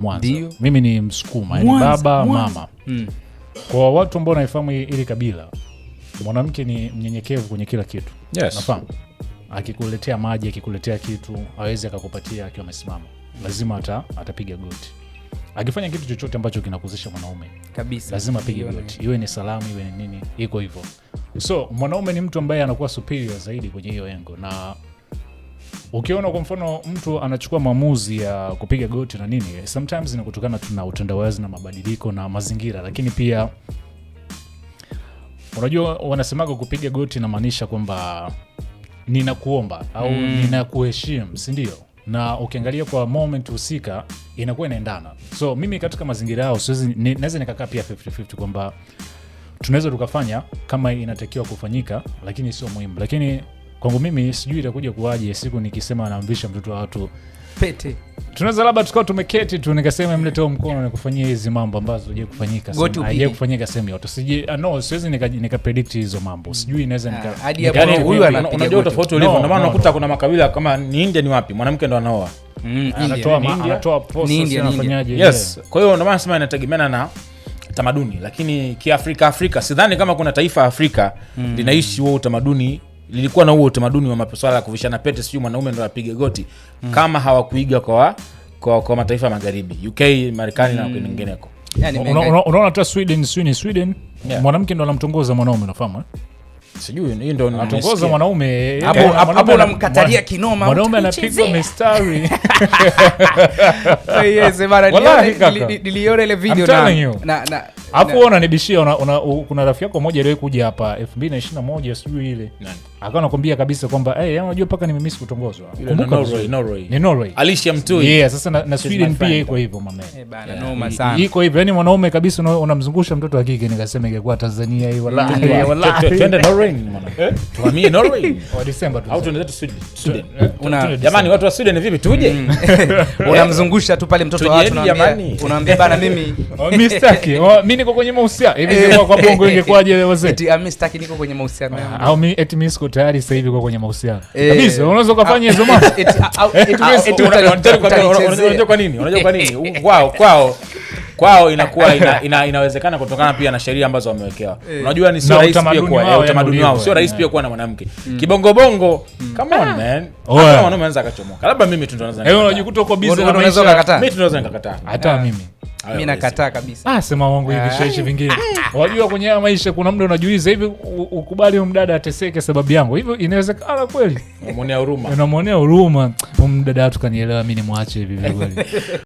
Mwanza. Mimi ni Msukuma, yani baba mama. Mm. Kwa watu ambao naifahamu ili kabila, mwanamke ni mnyenyekevu kwenye kila kitu. Yes. Nafahamu. Akikuletea maji, akikuletea kitu, awezi akakupatia akiwa amesimama. Lazima ata, atapiga goti. Akifanya kitu chochote ambacho kinakuzisha mwanaume. Kabisa. Lazima apige goti. Iwe ni salamu, iwe ni nini, iko hivyo. So, mwanaume ni mtu ambaye anakuwa superior zaidi kwenye hiyo engo na ukiona kwa mfano mtu anachukua maamuzi ya kupiga goti na nini, sometimes ni kutokana tuna utandawazi na mabadiliko na mazingira, lakini pia unajua wanasemaga kupiga goti inamaanisha kwamba ninakuomba au mm. ninakuheshimu, si ndio? Na ukiangalia kwa moment husika inakuwa inaendana. So mimi katika mazingira yao siwezi, naweza nikakaa pia 50-50 kwamba tunaweza tukafanya kama inatakiwa kufanyika, lakini sio muhimu, lakini kwangu mimi sijui itakuja kuwaje siku nikisema anamvisha mtoto wa watu pete. Tunaweza labda tukawa tumeketi tu nikasema mleteo mkono nikufanyia hizi mambo ambazo hujai kufanyika hajai kufanyika sehemu yote. Sijui ah, no, siwezi nikapredict hizo mambo, sijui inaweza ah, yaani, yaani, unajua tofauti ulivyo, ndio maana unakuta kuna makabila kama ni India ni wapi mwanamke ndo anaoa mm, anatoa posa anafanyaje? Yes, kwa hiyo ndio maana nasema inategemeana na tamaduni, lakini kiafrika Afrika sidhani kama kuna taifa Afrika mm. linaishi mm. huo utamaduni lilikuwa na huo utamaduni wa maswala ya kuvishana pete, siu mwanaume ndo apige goti mm. kama hawakuiga kwa, kwa, kwa mataifa ya magharibi UK, Marekani mm. na kwingineko. unaona hata Sweden, Sweden yeah. mwanamke ndo anamtongoza mwanaume, unafahamu eh? sijui hii ndo natongoza mwanaume eh, eh, anapigwa mistari. Niliona ile video unanibishia. Kuna rafiki yako moja kuja hapa elfu mbili na na moja sijui ile nani akawa nakwambia kabisa kwamba hey, unajua mpaka nimemisi kutongozwa ni na, na pia iko hivyo mame eh, iko hivyo yani mwanaume kabisa unamzungusha mtoto wa kike nikasema ingekuwa Tanzania hii watu wa Sweden vipi tuje mm. eh, unamzungusha tu pale mtoto wa unaambia bana mimi oh, oh, mimi niko kwenye mahusiano hivi kwa bongo ingekuwaje wazee ah, niko kwenye mahusiano ah, tayari sasa hivi uko kwenye mahusiano eh. kabisa, unaweza ukafanya ah, hizo mambo. Unajua kwa nini? Unajua kwa nini? Kwao kwao kwao inakuwa ina, ina, inawezekana kutokana pia na sheria ambazo wamewekewa. Eh. Unajua ni sio rahisi pia kwa utamaduni eh, wao, sio rahisi pia kuwa na mwanamke mm. Kibongo bongo mm. come on ah. man, kama mwanaume anaweza akachomoka, labda mimi tu ndo naweza, unajikuta uko busy, mimi tu naweza nikakataa, hata ah. mimi mi nakataa kabisasema Ah, wangu hivi eh. shaishi vingine. Wajua, ah. kwenye haya maisha kuna mda unajuiza hivi, ukubali mdada ateseke sababu yangu hivyo, inawezekana kweli? Unamwonea huruma, unamwonea huruma mdada, watu kanielewa mi nimwache hivi.